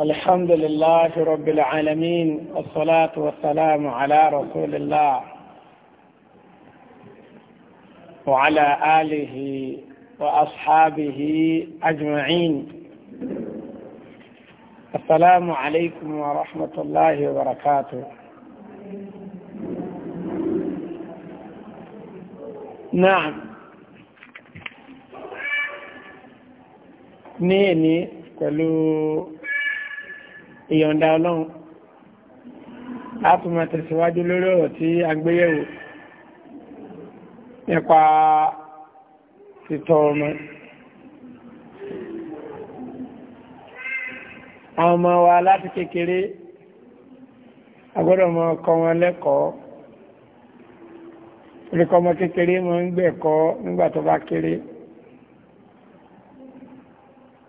الحمد لله رب العالمين والصلاة والسلام على رسول الله وعلى آله وأصحابه أجمعين السلام عليكم ورحمة الله وبركاته نعم نيني قالوا ìyọ̀ǹda ọlọ́run a tún máa tẹ̀síwájú lórí ọ̀rọ̀ tí a gbéyẹ̀wò nípa títọ́ ọmọ àwọn ọmọ wa láti kékeré a gbọ́dọ̀ mọ kọ́ wọn lẹ́kọ̀ọ́ oríkọ́ ọmọ kékeré mọ́ ń gbẹ̀kọ́ nígbà tó bá kéré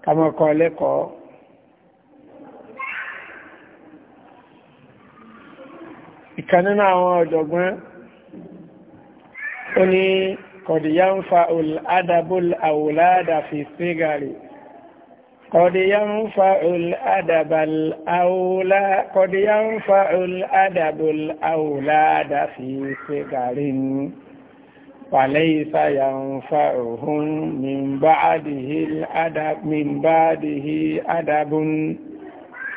ká lẹ́kọ̀ọ́ ìkan nínú àwọn ọ̀jọ̀gbọ́n ó ní kọ̀díyà ń fa adabul àwòládà fi sígàrì kọ̀díyà ń fa adabul àwòládà fi sígàrì ní فليس ينفعهم من بعده أدب من بعده أدب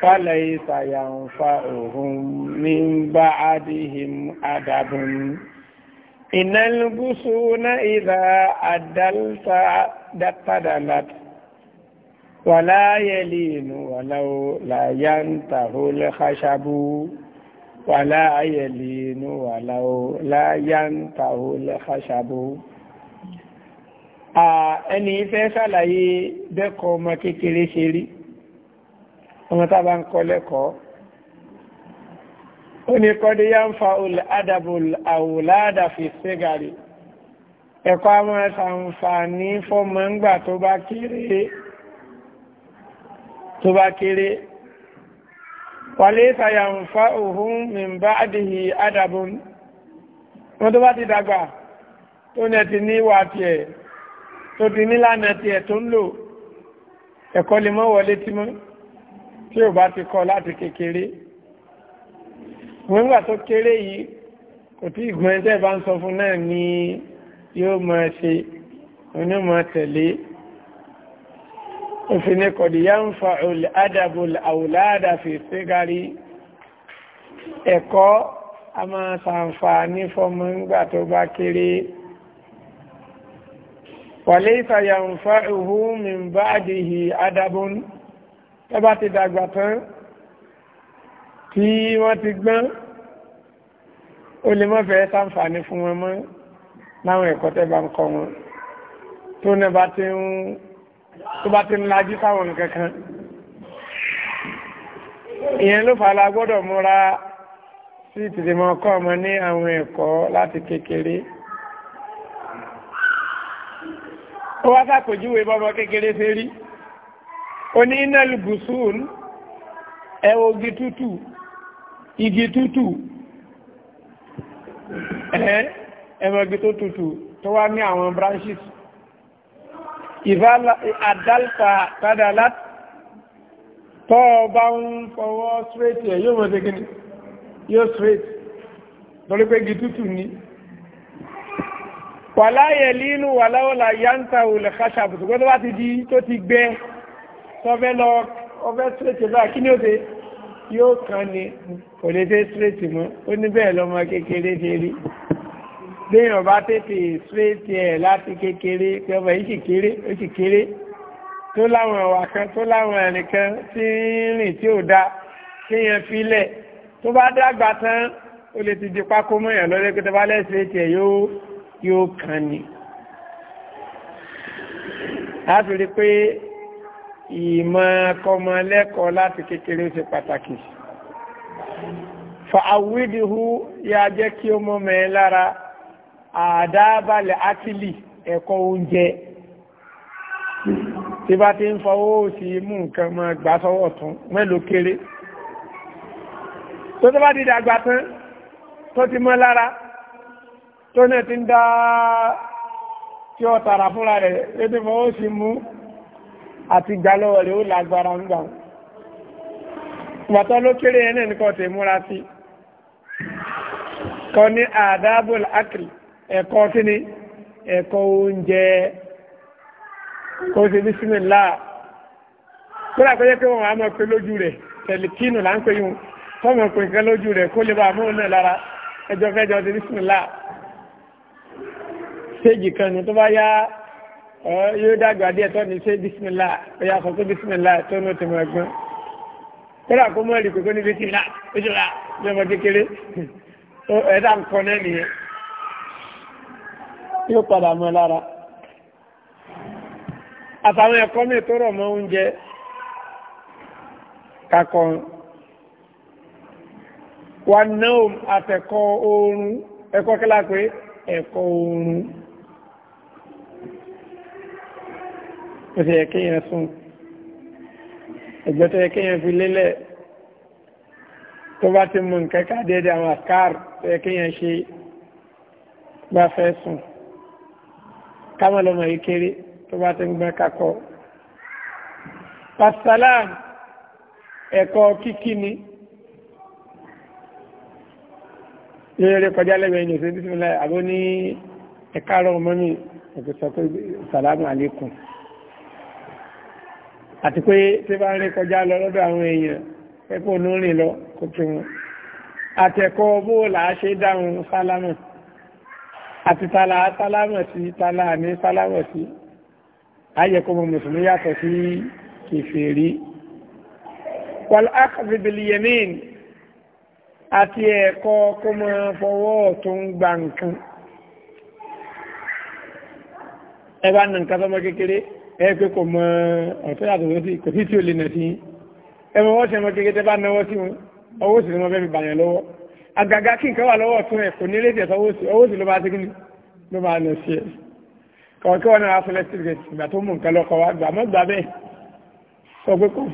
fálẹ̀ ìsàyà ń fa òhun ní bá adìhìm adàbùn ìnálùgúsù na ìdá àdálta dátàdàlát wàlá yẹlì inú wàlá láyá ń tàhó lẹ́kàṣàbù wàlá yẹlì inú wàlá láyá ń tàhó lẹ́kàṣàbù ẹni ìfẹ́ sàlàyé bẹ́kọ̀ kékeré ṣe rí ọmọ tá a bá ń kọ́ lẹ́kọ̀ọ́ ó ní kọ́dé yá ń fa adabul àwòláàdà fi ségàrí ẹ̀kọ́ a máa ṣàǹfààní fọ́mọ ńgbà tó bá kéré tó bá kéré ń fa òhun mìíràn àdìhì adabun wọn tó bá ti dàgbà tó ní ẹtì ní ìwà tiẹ̀ tó ti nílànà tiẹ̀ tó ń lò ẹ̀kọ́ lè mọ́ wọlé tí mọ́ tí ò bá ti kọ́ láti kékeré nígbà tó kéré yìí kò tí ìgbọ́n ẹ̀dẹ́ bá ń sọ fún náà ni yóò máa ṣe onímọ̀ tẹ̀lé òfin ni kọ̀díyà ń fa adàbò àwòláàdà fi ségari ẹ̀kọ́ a máa ṣàǹfààní fọmọ nígbà tó bá kéré wàlé ìfàyà ń fa ìhú mi bá dìhì adàbò ní tó bá ti dàgbà tán tí wọ́n ti gbọ́n ó lè mọ́ fẹ́ ṣàǹfààní fún wọn mọ́ láwọn ẹ̀kọ́ tẹ́ bá ń kọ́ wọn tó náà bá ti ń tó bá ti ń lajú sáwọn nǹkan kan ìyẹn ló fà la gbọ́dọ̀ múra sí ìtìtìmọ̀ kọ́ ọmọ ní àwọn ẹ̀kọ́ láti kékeré ó wá sàpèjúwe bọ́bọ́ kékeré ṣe rí oní iná lùgùsùn ẹwọ igi tútù igi tútù ẹwọ igi tó tútù tó wá ní àwọn branches ìfàlà àdálfà tádàlá tọ́ ọba ń fọwọ́ straight ẹ̀ yóò mọ̀ sí kí ni yóò straight torí pé igi tútù ni wàláyẹ̀ lílù wàláwọ́lá yántà olùkásàbùsùgbọ́n tó bá ti di tó ti gbẹ́ tọ́fẹ́ lọ ọfẹ́ straight báyìí kí ni ó ṣe yóò kàn ní kò lè ṣe straight mọ́ ó ní bẹ́ẹ̀ lọ́mọ kékeré ṣe rí léèyàn bá tètè straight ẹ̀ láti kékeré pé ọmọ yìí sì kéré ó sì kéré tó láwọn ọ̀wà kan tó láwọn ẹ̀rìn kan tí ń rìn tí ò dáa kéèyàn filẹ̀ tó bá dàgbà tán ó lè ti di pákó mọ́yàn lọ́dẹ́ pé tọ́ba lẹ́sẹ̀ tiẹ̀ yóò yóò ní. láti rí pé ìmọ̀ kọmọ lẹ́kọ̀ọ́ láti kékeré ṣe pàtàkì fa'awidihu ya jẹ́ kí ó mọ́ mẹ́ lára àdábalẹ̀ akílì ẹ̀kọ́ oúnjẹ tí bá ti ń fọwọ́ òsì mú nǹkan mọ́ gbà sọ́wọ́ tún mẹ́lò kéré tó tó bá ti dàgbà tán tó ti mọ́ lára tó náà ti ń dá tí ọ tààrà fúnra rẹ̀ lé àti ìgbàlọ́wọ́ rẹ̀ ó lágbára ń gbà wọ́n. ló kéré ẹ̀ náà nìkan tẹ̀ múra sí kọ́ ní àdábòl akiri ẹ̀kọ́ kíni ẹ̀kọ́ oúnjẹ kó ṣe bísímìlá kódà kó yẹ pé wọn á mọ̀ pé lójú rẹ̀ tẹ̀lìkínù là ń pè yún fọ́ọ̀mù pé nǹkan lójú rẹ̀ kó lè bá àmọ́ náà lára ẹjọ́ fẹ́jọ́ ṣe bísímìlá séjì kan ní tó bá yá yóò dàgbà díẹ̀ tó ní ṣe bisimilá ẹ̀yà sọ pé bisimilá tó ní tòmọ̀ ẹ̀gbọ́n kódà kó mọ̀ ẹ̀rì kókó ní bisimilá bisimilá ní ọmọ kékeré ẹ̀dá nǹkan náà nìyẹn yóò padà mọ́ lára àtàwọn ẹ̀kọ́ mi tó rọ̀ mọ́ oúnjẹ kakọ̀ wà náà àtẹ̀kọ́ oorun ẹ̀kọ́ kíláà pé ẹ̀kọ́ oorun. ó sì yẹ kéèyàn sùn ẹjọ́ tó yẹ kéèyàn fi lélẹ̀ tó bá ti mú nǹkan ká déédéé àwọn àkàr tó yẹ kéèyàn ṣe bá fẹ́ sùn káwọn lọmọ yìí kéré tó bá ti ń gbọ́n kakọ. pàṣẹlám ẹ̀kọ́ kíkí ni yẹ́rẹ́ kọjá lẹ́gbẹ̀ẹ́ yìí ṣe mi ẹ̀kọ́ sọ pé sàlámù àlékún àti pé tí bá ń rí kọjá lọ lọ́dọ̀ àwọn èèyàn pẹ́pọ̀ ní rìn lọ kò kí wọn àtẹ̀kọ́ bó làá ṣe dáhùn sálámà àti tààlà sálámà sí tààlà ní sálámà sí ayẹ̀kọ́ mọ̀ mùsùlùmí yàtọ̀ sí kèfèrí wal akhd bil mọ́ kékeré ẹ pé kò mọ ọ̀tọ́ yàtọ̀ tó sí kò sí tí ó lè nà sí ẹ mọ wọ́n ṣe mọ kékeré bá náwó sí wọn ọwọ́ sì ló mọ bẹ́ẹ̀ bàyàn lọ́wọ́ àgàgà kí nǹkan wà lọ́wọ́ tún ẹ̀ kò ní lè tẹ̀sán ọwọ́ sì ló máa ti kí ni ló máa nà sí ẹ̀ kọ̀ọ̀kí wọn náà wá fún lẹ́sítírìkì ìgbà tó mú nǹkan lọ́kọ̀ wá gbà mọ́ gbà bẹ́ẹ̀ sọ pé ọwọ́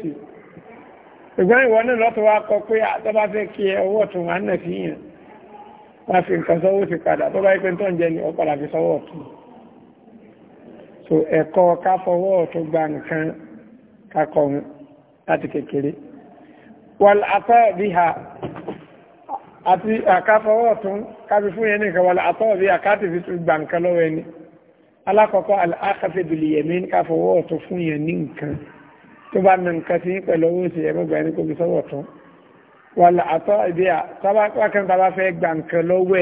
sí àbí ṣùgbọ́n ìwọ náà lọ́tọ̀ wá kọ pé àtọ́bá ah, fẹ́ kí ẹ ọwọ́ tún wà náà fi yàn wá fi nǹkan sọ́wọ́ ti padà tó bá yí tó ń jẹ ní ọ̀padà fi sọ́wọ́ tún so ẹ̀kọ́ ká fọwọ́ tó gba nǹkan kakọ̀ láti kékeré wọ́n àtọ́ bí ha àti àkáfọwọ́ tún kábi fún yẹn nìkan wọ́n àtọ́ bí àkáàtì fi tún gba nǹkan lọ́wọ́ ẹni alákọ̀ọ́kọ́ àkàfẹ́ bìlì yẹ̀mí káfọwọ́ tún fún yẹn ní nǹkan tó bá nà nǹkan sí pẹ̀lú owó ṣe ẹ̀mọ́ gbà ní kò fi sọ́wọ́ tán wà là àtọ́ ìdí à wákàn tá a bá fẹ́ gbà nǹkan lọ́wọ́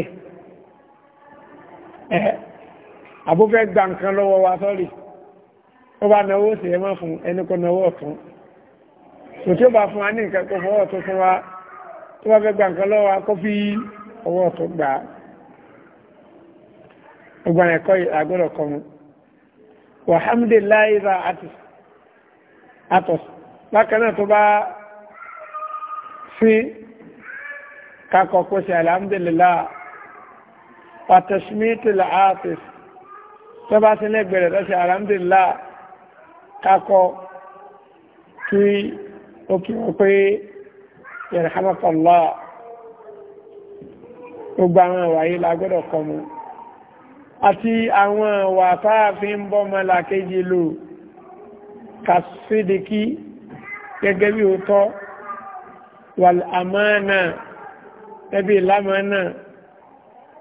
ẹ̀ àbó fẹ́ gbà nǹkan lọ́wọ́ wa sọ́rí ó bá nà owó ṣe ẹ̀mọ́ fún ẹni kò náwó ọ̀tún kò tí ó bá fún wa ní nǹkan kó fọwọ́ tó fún wa tó bá fẹ́ gbà nǹkan lọ́wọ́ wa kó fi ọwọ́ tó gbà á gbogbo àwọn kọ́ mu àtọ̀ bákan náà tó bá sí kakọ̀ kó ṣe alhamdulillah pàtàṣmítì làátìs tó bá sí lẹ́gbẹ̀rẹ̀ tó ṣe alhamdulillah kakọ̀ kí ó kí wọ́n pé yarhamakallah gbogbo àwọn ìwà yìí la gbọ́dọ̀ àti àwọn ìwà táàfin bọ́mọlà lóò kàṣídìkí gẹ́gẹ́ bí ó tọ́ wàlámánà ẹbí lámánà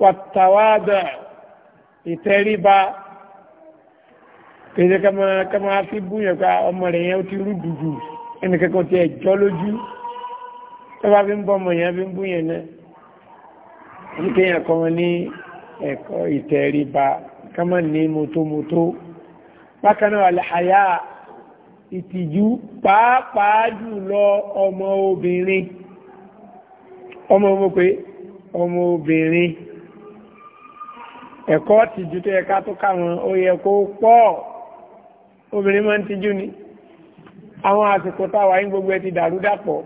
wàtàwádà ìtẹríba kèdè kama fi búyẹ̀ pa ọmọ rẹ̀ yẹn ó ti rú dùdù ẹnìkẹ́kọ̀ọ́ ti ẹ̀jọ́ lójú tọ́ba fi ń bọ́ ọmọ yẹn fi ń búyẹ̀ náà níkéyàn kan ní ẹ̀kọ́ ìtẹríba kama ní mọ́tòmọ́tò bákan náà àlàyé ìtìjú pàápàá jùlọ ọmọ obìnrin ọmọ ọmọ pé ọmọ obìnrin ẹ̀kọ́ tìjú tó yẹ ká tó káwọn ó yẹ kó pọ̀ obìnrin máa ń tìjú ni àwọn àsìkò táwà ní gbogbo ẹ ti dàrú dàpọ̀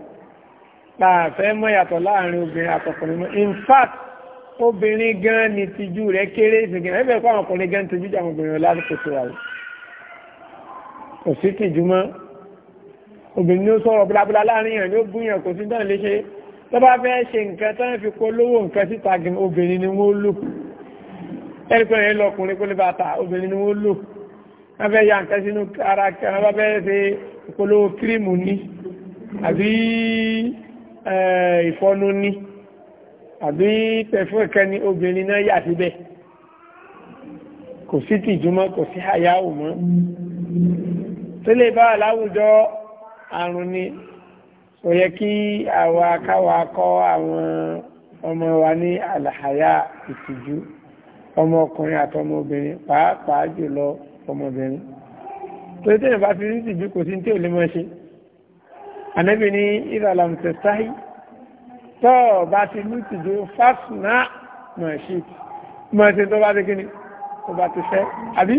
láàfẹ́ mọ́ yàtọ̀ láàrin obìnrin àtọkùnrin mọ́ in fact obìnrin gan ni tìjú rẹ̀ kéré ìsìnkì ẹ̀fẹ́ kó àwọn ọkùnrin gan tìjú jà àwọn obìnrin lásìkò tó wà yìí kò sí tìjú mọ́ obìnrin ló sọ̀rọ̀ búlábúlá láàrin yàn ló búyàn kò sí tán lè ṣe tó bá fẹ́ ṣe nǹkan tán fi polówó nǹkan síta gan obìnrin ni wọ́n lò ẹni pé ẹ̀yìn lọkùnrin kó lè bá ta obìnrin ni wọ́n lò wọ́n fẹ́ ya nǹkan sínú ara kan wọ́n bá kò sí tìjú kò sí àyáwò mọ́ tó lè bá láwùjọ àrùn ni kò yẹ kí àwa káwa kọ́ àwọn ọmọ wa ní àlàyà ìtìjú ọmọkùnrin àtọmọbìnrin pàápàá jùlọ ọmọbìnrin tó tẹ́yìn bá fi rí ìtìjú kò sí tí ò lè mọ́ ṣe ànábì ní ìrọ̀làmùsẹ̀ sáyì tọ́ bá ti ní ìtìjú fásnà mọ̀ ṣe mọ̀ ṣe tó bá ti kíni tó bá ti fẹ́ àbí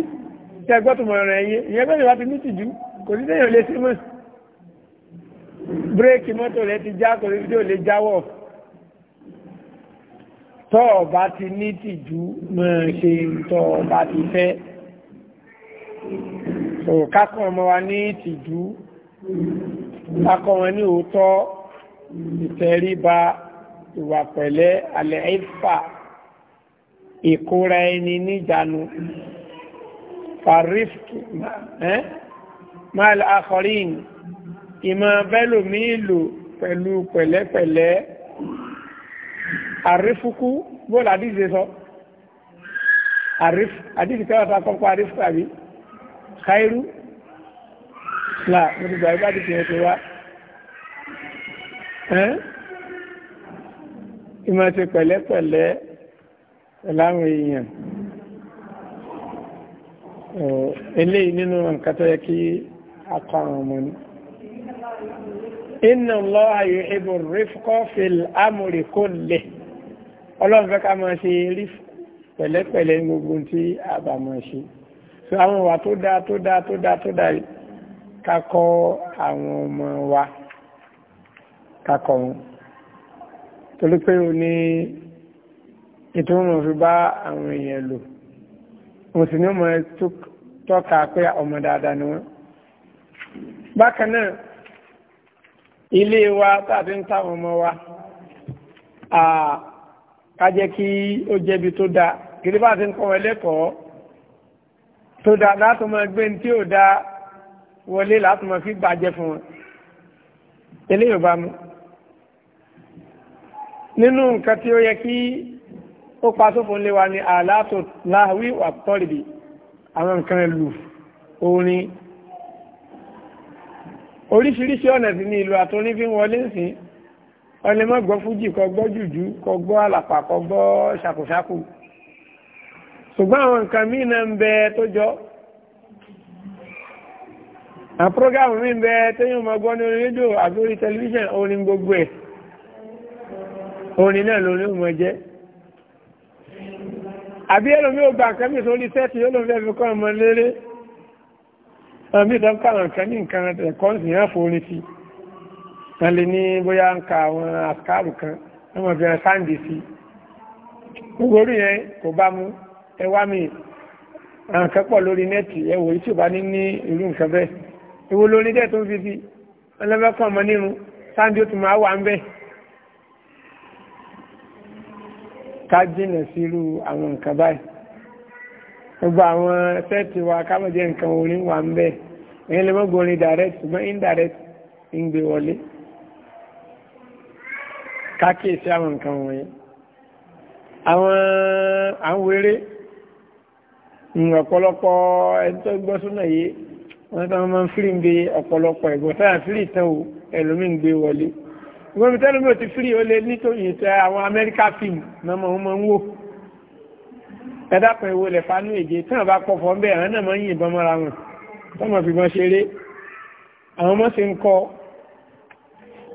tẹ́ gbọ́tùmọ̀ rẹ̀ yé ìyẹn bẹ́ẹ̀ láti ní tìjú kò sí téèyàn lè sí mọ́ bírèkì mọ́tò rẹ̀ ti já kò sí tí ò lè jáwọ́ tọ́ ọba ti ní tìjú mọ́ ṣe tọ́ ọba ti ìwà pẹ̀lẹ́ alẹ́ ìfà ìkóra ẹni níjànú kàrífkì máa àkọrin ìmọ̀ bẹ́lòmí ìlò pẹ̀lú pẹ̀lẹ́pẹ̀lẹ́ àrífúkú bóòlù àdíje sọ àdíje kẹwàá kọ́kọ́ àrífúkú àbí káírú là mo ti gbà yí bá ti tiẹ̀ tó wá ìmọ̀ ṣe pẹ̀lẹ́pẹ̀lẹ́ pẹ̀láwọn èèyàn. Eh, eléyìí nínú nǹkan tó yẹ kí akọ àwọn ọmọ ni. inna Allaha yuhibbu rifqa fil amri kullih ọlọ́run fẹ́ ká máa ṣe rífù pẹ̀lẹ́pẹ̀lẹ́ gbogbo tí a bá máa ṣe so àwọn ìwà tó dáa tó dáa tó dáa tó dáa ká àwọn ọmọ wa ká wọn torí o ní ètò fi bá àwọn èèyàn lò mùsùlùmí mọ̀ tọ́ka pé ọmọ dáadáa ni wọ́n. bákan náà ilé wa tàbí ń táwọn ọmọ wa ká jẹ́ kí ó jẹ́bi tó dáa kìrì bá ti ń kọ́ wọn lẹ́kọ̀ọ́ tó dáa láti máa gbé tí ò dáa wọlé láti máa fi bàjẹ́ fún wọn. eléyìí ò bá mu nínú nǹkan tí ó yẹ kí ó pa sófò ńlé wa ní àlàtò láhùí wà tọ́lìbì àwọn nǹkan lù orin oríṣiríṣi ọ̀nà sí ní ìlú àtúní fi ń wọlé sí ọlẹ́ mọ́ gbọ́ fújì kọ gbọ́ jùjú kọ gbọ́ àlàpà kọ gbọ́ ṣàkùṣàkù ṣùgbọ́n àwọn nǹkan míì náà ń bẹ tó jọ àwọn prógámù míì ń bẹ téèyàn máa gbọ́ ní orí rédíò àbí orí tẹlifíṣàn orin gbogbo ẹ̀ orin náà lórí òun jẹ́ àbí ẹlòmí ò gba nǹkan mìíràn orí sẹ́ẹ̀tì yóò ló fẹ́ fi kọ́ ọmọ léré ọmọ ìdán kàwọn nǹkan ní nǹkan ẹ̀kọ́ sì hàn forin sí wọn lè ní bóyá ń ka àwọn àkàrù kan ọmọ fi hàn sáǹdì sí gbogbo orí yẹn kò bá mú ẹ wá mi àwọn pọ̀ lórí nẹ́ẹ̀tì ẹ wò tí ò bá ní ní ìlú nǹkan bẹ́ẹ̀ ìwo lórí dẹ́ tó ń fi sí ọlọ́fẹ́ kọ́ ọmọ nírun sáǹdì ó tún máa wà ń bẹ́ẹ̀ ká jìnà sírú àwọn nǹkan báyìí gbogbo àwọn sẹ́ẹ̀tì wa kámọ̀jẹ́ nǹkan orin wà ń bẹ́ẹ̀ èyí lè mọ́gbọ́n orin direct ṣùgbọ́n indirect ń gbé wọlé kákèsí àwọn nǹkan wọ̀nyí àwọn àwéré ọ̀pọ̀lọpọ̀ ẹni tó gbọ́ súnà yìí wọ́n tán máa ń fírí ń gbé ọ̀pọ̀lọpọ̀ ẹ̀gbọ́n táyà fírí ìtàn wọlé ìwé mi tẹ́lẹ̀ mi ò ti firi ó lé nítorí ìṣe àwọn amẹ́ríkà fíìmù náà mo máa ń wò ẹ dápẹ́ ìwo lẹ̀ fanú èdè tí wọ́n bá pọ̀ fọ́ bẹ́ẹ̀ àwọn náà máa ń yìnbọn mọ́ra wọn tọ́mọ̀ fi mọ́ ṣeré àwọn ọmọ sì ń kọ́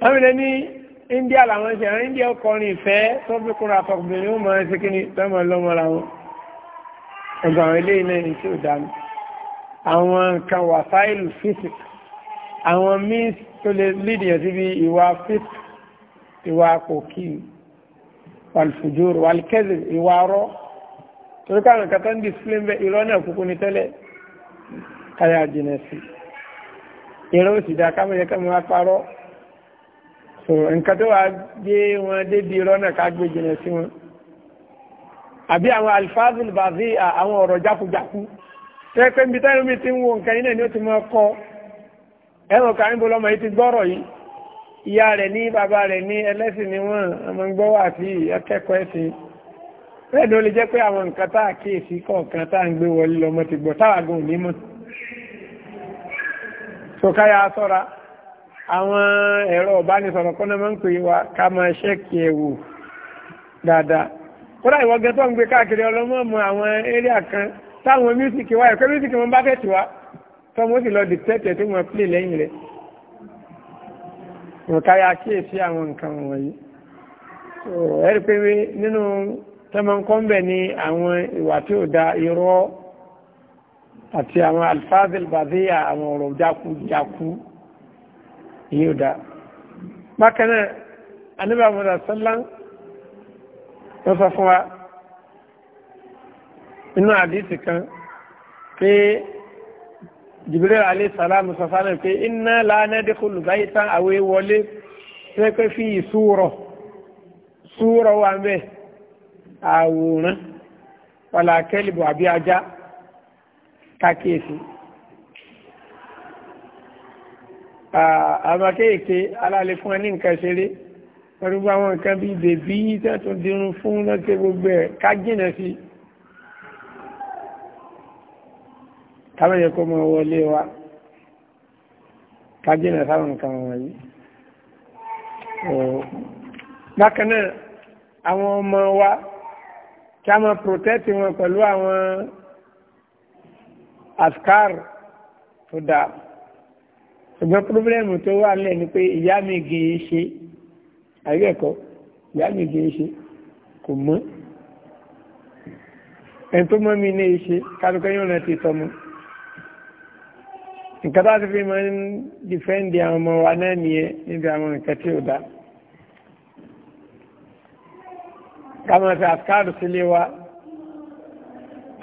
wọ́n ní India làwọn ṣe àwọn India ọkọrin ìfẹ́ tó fi kúrò àtọkùnrin ó mọ ẹsẹ̀ kíni tọ́mọ̀ lọ́mọra wọn ọgbà àwọn eléyìí náà ní tí ò dá mi tó lè lead yẹn síbi ìwà ìwà àpòkì wàlfùjúrù wàlkẹ́zì ìwà arọ́ torí káwọn nǹkan tó ń display ń bẹ irọ́ náà kúkú ní tẹ́lẹ̀ káyà jìnà sí irọ́ òsì dá káwọn yẹ káwọn wá parọ́ so nǹkan tó wàá gbé wọn débi irọ́ náà ká gbé jìnà sí wọn àbí àwọn alifazil bàbí àwọn ọ̀rọ̀ jákujáku tẹ́ẹ̀pẹ́ ń bi mi ti ń wo nǹkan yìí náà ni ó ti mọ́ kọ́ ẹ̀rọ kàrin bọ́lọ́mọ yìí ti gbọ́rọ̀ yìí ìyá rẹ̀ ní bàbá rẹ̀ ní ẹlẹ́sìn ni wọ́n ọmọ ń gbọ́wọ́ àti akẹ́kọ̀ọ́ ẹ̀sìn bẹ́ẹ̀ ni ó lè jẹ́ pé àwọn nǹkan tá a kíyèsí kọ̀ọ̀kan tá à ń gbé wọlé lọ́mọ ti gbọ́ táwa gan òní mọ̀ sọ̀káyà sọ́ra àwọn ẹ̀rọ ìbánisọ̀rọ̀ kọ́nà máa ń pè wá ká máa ṣẹ́kì ẹ̀wò dáadáa ìrùkárí àkíyèsí àwọn nǹkan wọ̀nyí ẹ̀rí pé nínú tẹ́mọ̀kọ́mbẹ̀ ni àwọn ìwà tí ó da irọ́ àti àwọn alfazil bàdíyà àwọn ọ̀rọ̀ jákújákú yìí ó da bákanáà anábà mọ̀dà sọ́lá wọ́n sọ fún wa inú àdìsí kan pé Jibril alayhi salamu sọ fún pé inna la nadkhulu baytan àwọn ìwọlé pẹ́pẹ́ fi ìṣúrọ ṣúrọ wà mẹ́ àwòrán wàlà kẹ́lìbù àbí ajá kàkíyèsí àwọn akéèké alálẹ́ fún ẹ ní nǹkan ṣeré pẹ̀lú àwọn nǹkan bíi bèbí tẹ́tùn dirun fún lọ́tẹ́ gbogbo ẹ̀ ká sí i káwọ́ yẹ kó mọ wọlé wa ká jìnà sáwọn nǹkan wọ̀nyí bákan náà àwọn ọmọ wa kí a máa protect wọn pẹ̀lú àwọn askar tó dáa ṣùgbọ́n pírọ́blẹ́mù tó wà lẹ́ ni pé ìyá mi gìí ṣe àríẹ̀kọ́ ìyá mi gìí ṣe kò mọ́ ẹni tó mọ́ mi ní ṣe kálukẹ́yìn ọ̀nà ti tọ́ nǹkan tá a ti fi máa ń dìfẹ́ǹdì àwọn ọmọ wa náà nìyẹn níbi àwọn nǹkan tí ó dá ká máa fi àkáàdù sílé wa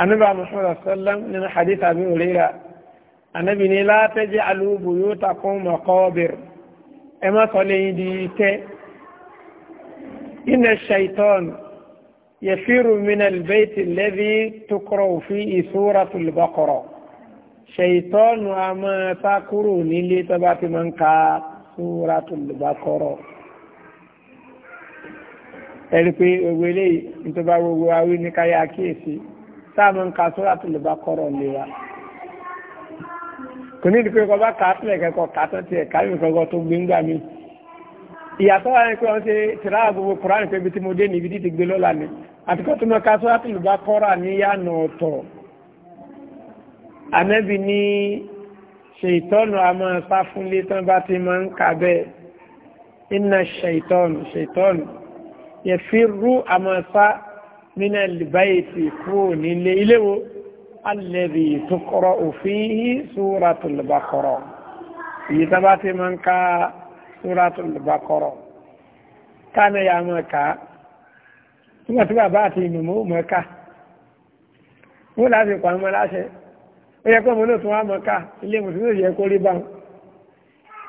anábà Muhammad sallam nínú hadith Abi Hurairah anábì ní la taj'alu buyutakum maqabir ẹ má sọ lẹ́yìn di tẹ́ inna shaitan yafiru min al-bayti alladhi tuqra'u fihi suratul Baqarah ṣèyítọ́nù a máa sá kúrò nílé tó bá ti máa ń ka Suratul Baqara ẹ̀rí pé gbogbo eléyìí nítorí bá gbogbo awí ní káyà kíyèsí sáà máa ń ka Suratul Baqara lè wa kò ní ìdíkò ìkọba kàátìlẹ̀ kẹ́kọ̀ọ́ kàátọ́ tiẹ̀ káyọ̀ ìkọ̀gọ́ tó gbé ńgbà mi. ìyàtọ̀ wa ni pé wọ́n ṣe tìlá gbogbo Kùránì pé ibi tí mo dé ní ibi gbé lọ́la ni àtikọ́ tó mọ ànábì ní ṣètọ́nù a máa sá fúnlé tán bá ti máa ń kà bẹ́ẹ̀ iná ṣètọ́nù ṣètọ́nù yẹfirú a máa sá nínú ìbáyèsí kúrò nílé iléwo alẹ́bí tó kọ́rọ̀ òfin yí Suratul Baqara èyí tán bá ti máa ń ka Suratul Baqara kánà ya máa kà á nígbà tí bàbá àti ìmọ̀mọ́ mọ̀ ká wọ́n láti pàmò láṣẹ ó yẹ kó ọmọ náà tún wá mọ ká ilé mùsùlùmí yẹ kó rí báwọn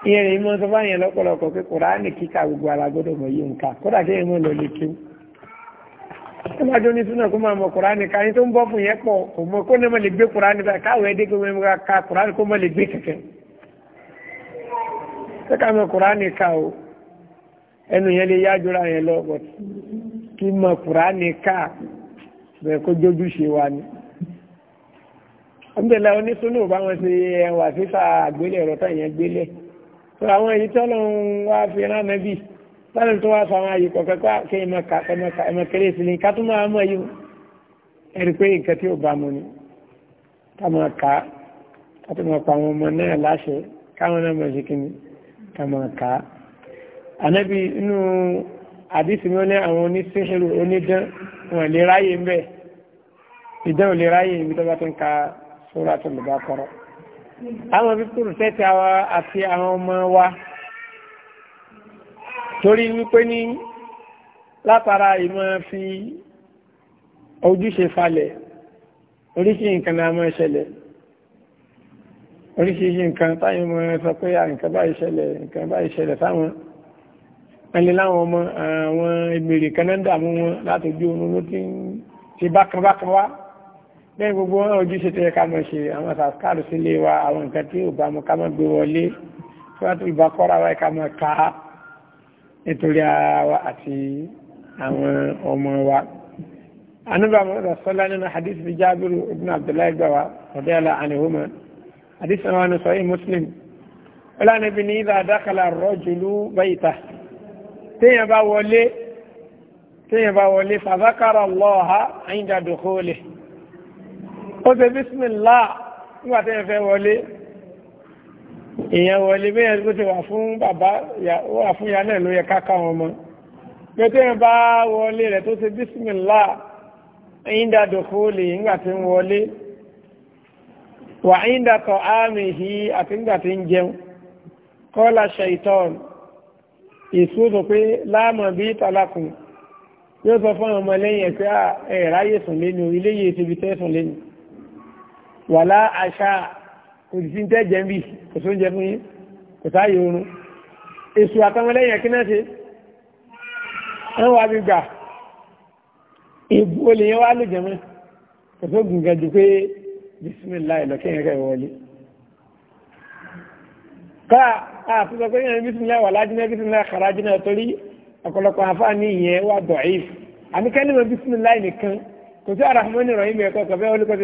ìyẹn rèé mọ tó bá yẹn lọ́pọ̀lọpọ̀ pé kùránì kíkà gbogbo alágbọ́dọ̀ mọ yìí nǹka kódà kí ẹ̀yìn mọ lọ lè kíw tó bá jó ní súnà kó máa mọ kùránì ká ní tó ń bọ́ fún yẹn pọ̀ kò mọ kó náà má lè gbé kùránì báyìí káwé dé gbogbo ẹ̀mí ká kùránì kó má lè gbé kẹ̀kẹ́ jura yẹn lọ bọ̀ kí mọ kùránì ká bẹ́ẹ̀ kó ọ̀nbẹ̀là onísúnú bá wọn ṣe ẹwà fífà àgbélẹ̀ ẹ̀rọ tán yẹn gbélẹ̀ tó àwọn èyí tó lọ ń wá fi ránà bí sáré tó wá fáwọn àyè kọ̀ọ̀kan pé kí ah, ẹmọ kéré ni ká tó máa mọ̀ yìí ẹ̀rí pé nǹkan tí ò bá mu ni ká máa kà á ká tó máa pa àwọn ọmọ náà láṣẹ káwọn náà máa ṣe kí ni ká máa kà á. ànábì inú àdìsí mi ó ní àwọn oníṣẹ́hìrù onídán wọn lè ráyè ń bẹ̀ ìdán ò lè ráyè ibi tó bá ti ń ka Suratul Baqara àwọn fífúrù tẹ́tẹ́ àwa àti àwọn ọmọ wa torí wípé ní látara ìmọ̀ fi ojúṣe falẹ̀ oríṣìí nǹkan náà mọ́ ṣẹlẹ̀ oríṣìí nǹkan táyé mọ́ sọ pé nǹkan báyìí ṣẹlẹ̀ nǹkan báyìí ṣẹlẹ̀ sáwọn ẹni láwọn ọmọ àwọn ìgbèrè kan náà dààmú wọn láti ojú oorun ló ti bákan bákan wá lẹ́yìn gbogbo ojúṣe tó yẹ ká mọ̀ ṣe àwọn sàkáàrù sílé wa àwọn nǹkan tí ò bá mọ̀ ká mọ̀ gbé wọlé tí wọ́n tún ìbá kọ́ra wa ká mọ̀ ká nítorí ara wa àti àwọn ọmọ wa. anuba mọ̀lá sọ́lá nínú hadith bí jábìrù ibn abdullahi gbà wá ọ̀dẹ́ àlà àníhùmọ̀ hadith náà wọn sọ yìí muslim. ó lánàá ní ìlà dákàlà rọ́jùlú bayta téèyàn bá wọlé téèyàn bá wọlé ó ṣe bísímìlá nígbà tí èèyàn fẹ́ wọlé èèyàn wọlé bí èèyàn ti wà fún bàbá wà fún ìyá náà ló yẹ káká wọn mọ pé tí èèyàn bá wọlé rẹ̀ tó ṣe bísímìlá ẹ̀yìn dàdòkó lè nígbà tí ń wọlé wà ẹ̀yìn dàtọ̀ àmì yìí àti nígbà ń jẹun kọ́lá ṣaitan èso pé láàmú bí tàlákùn yóò sọ fún ọmọ lẹ́yìn ẹ̀ pé ah, lẹ́nu ilé ti bi tẹ́ lẹ́nu wàlá àṣà kò sí tẹ́jẹ̀ bí kò sí oúnjẹ fún yín kò sáàyè oorun èṣù àtàwọn ẹlẹ́yìn ẹ̀kí náà ṣe wọ́n wá bí gbà ìbú olè yẹn wá lè jẹmọ́ kò tó gùn gan ju pé bísímìlá ìlọ́kẹ́ yẹn kẹ́ wọlé ká àfisọ pé yẹn bísímìlá wà lájínà bísímìlá kàrájínà torí ọ̀pọ̀lọpọ̀ àfáàní ìyẹn wà dọ̀ọ́yìf àmì kẹ́lẹ́mọ̀ bísímìlá nìkan kò sí àràfọ́mọ́nì rọ̀ yìí mẹ́kọ̀ọ́ kọ̀ọ̀fẹ́ olùkọ́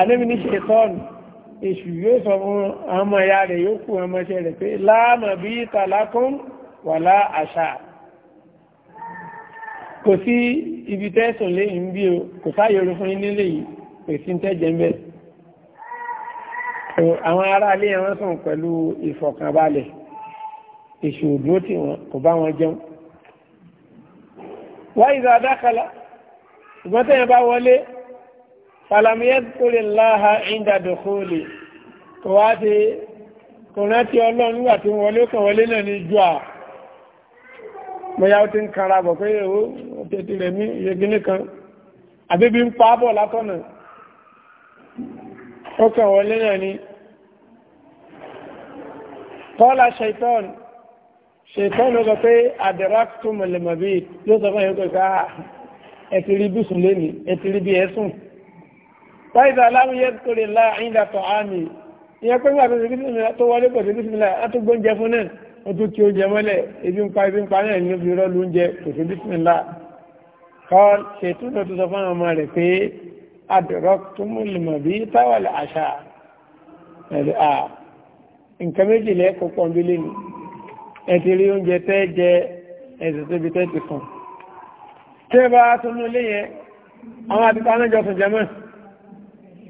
anẹ́bí ní ṣètọ́nù èṣù yóò sọ fún ọmọ ìyá rẹ̀ yóò kú ọmọ iṣẹ́ rẹ̀ pé láàmà bí tàlákún wà lá àṣà kò sí ibi tẹ́sùn léyìn bí o kò sáyẹ̀rọ fún nílé yìí kò sí tẹ́jẹ̀ mẹ́ àwọn ará ilé wọn sùn pẹ̀lú ìfọ̀kànbalẹ̀ èṣù òdúró tí wọn kò bá wọn jẹun wáyé ìzàdákàlà ṣùgbọ́n tẹ́yìn bá wọlé falamiyẹ kúrè láha ìdàdókòlè kò wá ti kò rántí ọlọ́run nígbà tí wọlé kan wọlé náà ní jù à mọ́yá ó ti ń kara bọ̀ pé ó tètè rẹ̀ mí yegi nìkan àbíbí ń pa bọ̀ látọ̀nà ó kàn wọlé náà ní kọ́lá ṣaitọ́n ṣaitọ́n ló sọ pé àdẹ̀rákùtù mọ̀lẹ̀mọ̀bí ló sọ fún ẹ̀yọ́ pé ká ah, ẹ̀tìrí bí sùn lénìí ẹ̀tìrí bí ẹ̀sùn fáìdà aláwòye tó lè la àyíndà tọ̀ ámì ìyẹn pé wà tó wọlé pọ̀ sí bísímìlà àti gbóúnjẹ fún náà ó tún kí oúnjẹ mọ́lẹ̀ ebi ń pa ebi ń pa náà ní fi rọ́ọ̀lù oúnjẹ kò sí bísímìlà kọ́ ṣètò náà tó sọ fún àwọn ọmọ rẹ̀ pé adọ̀rọ̀ tó mú lùmọ̀ bí táwàlì àṣà ẹ̀dẹ̀ à nǹkan méjìlẹ̀ kò pọ̀ bí lẹ́nu ẹ̀tì rí oúnjẹ tẹ́ jẹ ẹ̀sẹ̀ tó bí tẹ́ ti kàn. tẹ́ bá tún mú lé yẹn àwọn àti tánájọ sùn jẹ mọ́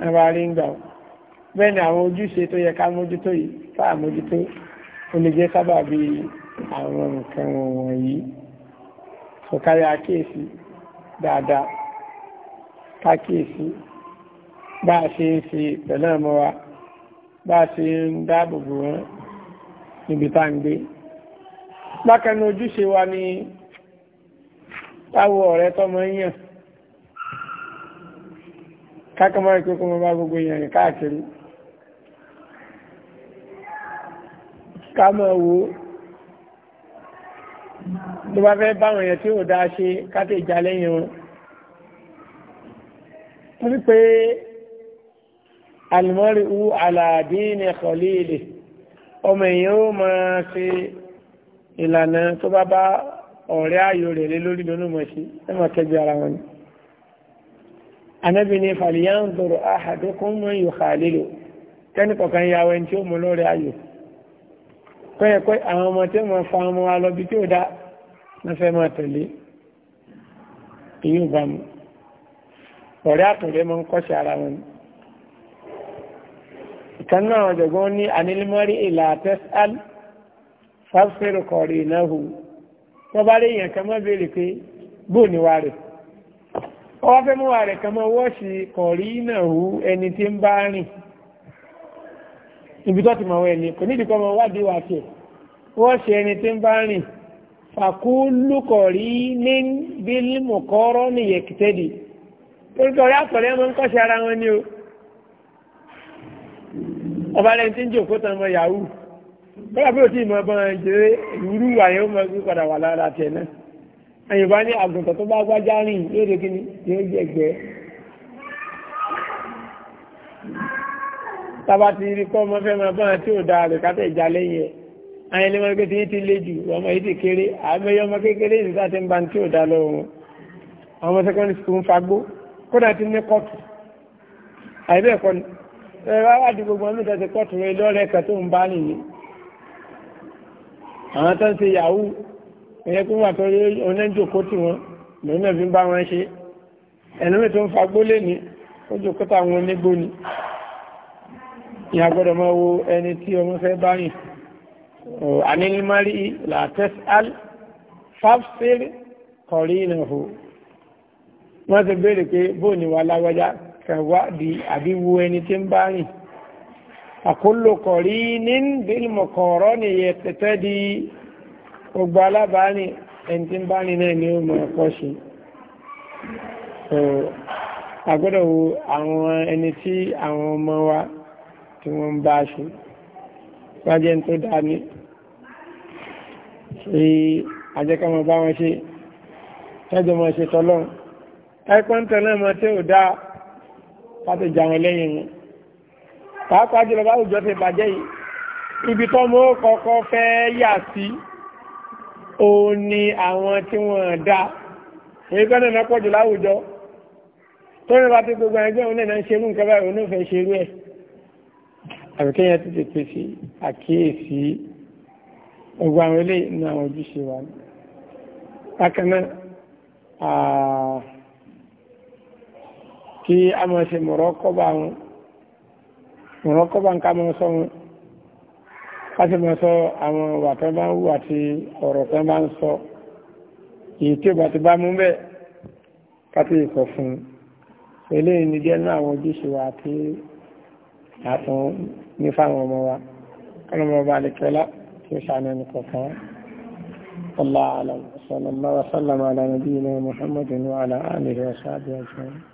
ẹwà rí ń gbà ọ́ bẹ́ẹ̀ ni àwọn ojúṣe tó yẹ ká mójútó yìí tá à mójútó ó lè jẹ́ sábà bí àwọn nǹkan wọ̀nyí sọ̀kárí àkíyèsí dáadáa kákíyèsí bá a ṣe ń fi pẹ̀lú ọmọ wa bá a ṣe ń dáàbòbò wọn níbi tá ń gbé bákan ojúṣe wa ni táwọn ọ̀rẹ́ tọmọ yàn kákàmọ́ ìpín kó mọ́ bá gbogbo èèyàn rìn káàkiri ká máa wo tó bá fẹ́ báwọn èèyàn tí ò dáa ṣe káté ìjà lẹ́yìn wọn torí pé alimọ́rí hu aladini kọ̀líìlì ọmọ èèyàn ó máa ṣe ìlànà tó bá bá ọ̀rẹ́ ayò rẹ̀ lé lórí lónìí ẹ máa kẹgbẹ́ ara wọn ni anábì ní fàlìyàndòrò àhàdókún mọ́ yóò kààlélò kẹ́nìkọ̀kan ya wẹ́n tí ó mú lórí ayò kọ́yẹ̀kọ́ àwọn ọmọ tí ó mọ̀ fa ọmọ wa lọ́bí tí ó dá wọ́n fẹ́ máa tẹ̀lé ìyóò bá mu ọ̀rẹ́ àtọ̀rẹ́ mọ́ ń kọ́ṣẹ́ ara wọn ìkan náà ọ̀jọ̀gbọ́n ní anílímọ́rí ìlà tẹ́sán fáfẹ́rù kọ̀ọ̀rì ìnáhù wọ́n bá rí èèyàn kan mọ́ béèrè ni wà ọwọ́ fẹ́ mú wa rẹ̀ kan mọ́ wọ́ọ̀ṣì kọ̀rí náà hú ẹni tí ń bá rìn ibi tó ti mọ̀ ẹni kò nídìí kọ́ mọ́ wádìí wà tiẹ̀ wọ́ọ̀ṣì ẹni tí ń bá rìn fàkúlù kọ̀rí ní bílímù kọ́rọ́ ní yẹ̀kìtẹ́dì torí kọ̀rí àyìnbá ní àgùntàn tó bá gbájá rìn yóò dé kíní yóò jẹ gbẹ tába ti rí kọ́ ọmọ fẹ́ máa bọ́n tí ò dáa rẹ̀ kátẹ́ ìjà lẹ́yìn ẹ̀ àyìn lè máa kékeré ti lé jù ọmọ yìí ti kéré àmẹ́yẹ ọmọ kékeré yìí sáà ti ń ba tí ò dáa lọ́wọ́ wọn ọmọ secondary school ń fagbó kódà ti ní kọ́ọ̀tù àìbẹ́ ẹ̀kọ́ ni ẹ̀rọ àdúgbò gbọ́n mi tẹ̀sí kọ́ọ̀tù rẹ̀ lọ́rẹ̀ẹ́kẹ́ tó ń bá nìyí àwọn tó ń ṣe yahoo ìyẹn kó wà tó yé oníjòkó tí wọn lòun náà fi ń bá wọn ṣe ẹ̀lómi tó ń fa gbólé ní ó jòkó táwọn onígbó ni ìyà gbọ́dọ̀ máa wo ẹni tí ọmọ fẹ́ bá yìn anílmárí látẹ́s al fafsir kọ̀rí ìnàhò wọ́n ti béèrè pé bóò wà lágbájá kẹwà di àbíwo ẹni tí ń bá àkólò kọ̀rí ní bílmọ̀kọ̀ọ̀rọ̀ ni yẹ tẹ́tẹ́ di gbogbo alábàání ẹni tí ń bá ní náà ni ó mọ̀ ẹ̀kọ́ ṣe àgbọ́dọ̀ wo àwọn ẹni tí àwọn ọmọ wa tí wọ́n ń bá ṣe wájẹ́ tó dá ní ṣe àjẹ́kọ́mọ̀ bá wọn ṣe tẹ́jọ mọ̀ ṣe tọ́lọ́run ẹ̀kọ́ ń tẹ̀lé mọ̀ tí ò dáa láti jà wọn lẹ́yìn wọn pàápàá jùlọ báwùjọ ti bàjẹ́ yìí ibi tọ́mọ́ kọ́kọ́ fẹ́ yà sí òun ni àwọn tí wọ́n dá èyí kan náà pọ̀jù láwùjọ tó ní bá ti gbogbo ẹgbẹ́ òun náà ń ṣerú nǹkan báyìí òun náà fẹ́ ṣerú ẹ̀ àbíkẹ́yẹ ti ti pèsè àkíyèsí gbogbo àwọn ilé inú àwọn ojúṣe wa bákan náà kí a máa ṣe mọ̀rọ́kọ́bà wọn mọ̀rọ́kọ́bà ń ká máa sọ káṣí máa sọ àwọn ìwà tó bá ń wù àti ọ̀rọ̀ tó bá ń sọ èyí tí ìgbà ti bá mú bẹ́ẹ̀ káṣí ìsọ fún un eléyìí ni jẹ́ náà àwọn ojúṣe wa àti àtún ní fáwọn ọmọ wa kọ́nà ọba àlekẹ́lá tí ó ṣàánú ẹnì kọ̀ọ̀kan الله أعلم صلى الله وسلم على نبينا محمد وعلى آله وصحبه أجمعين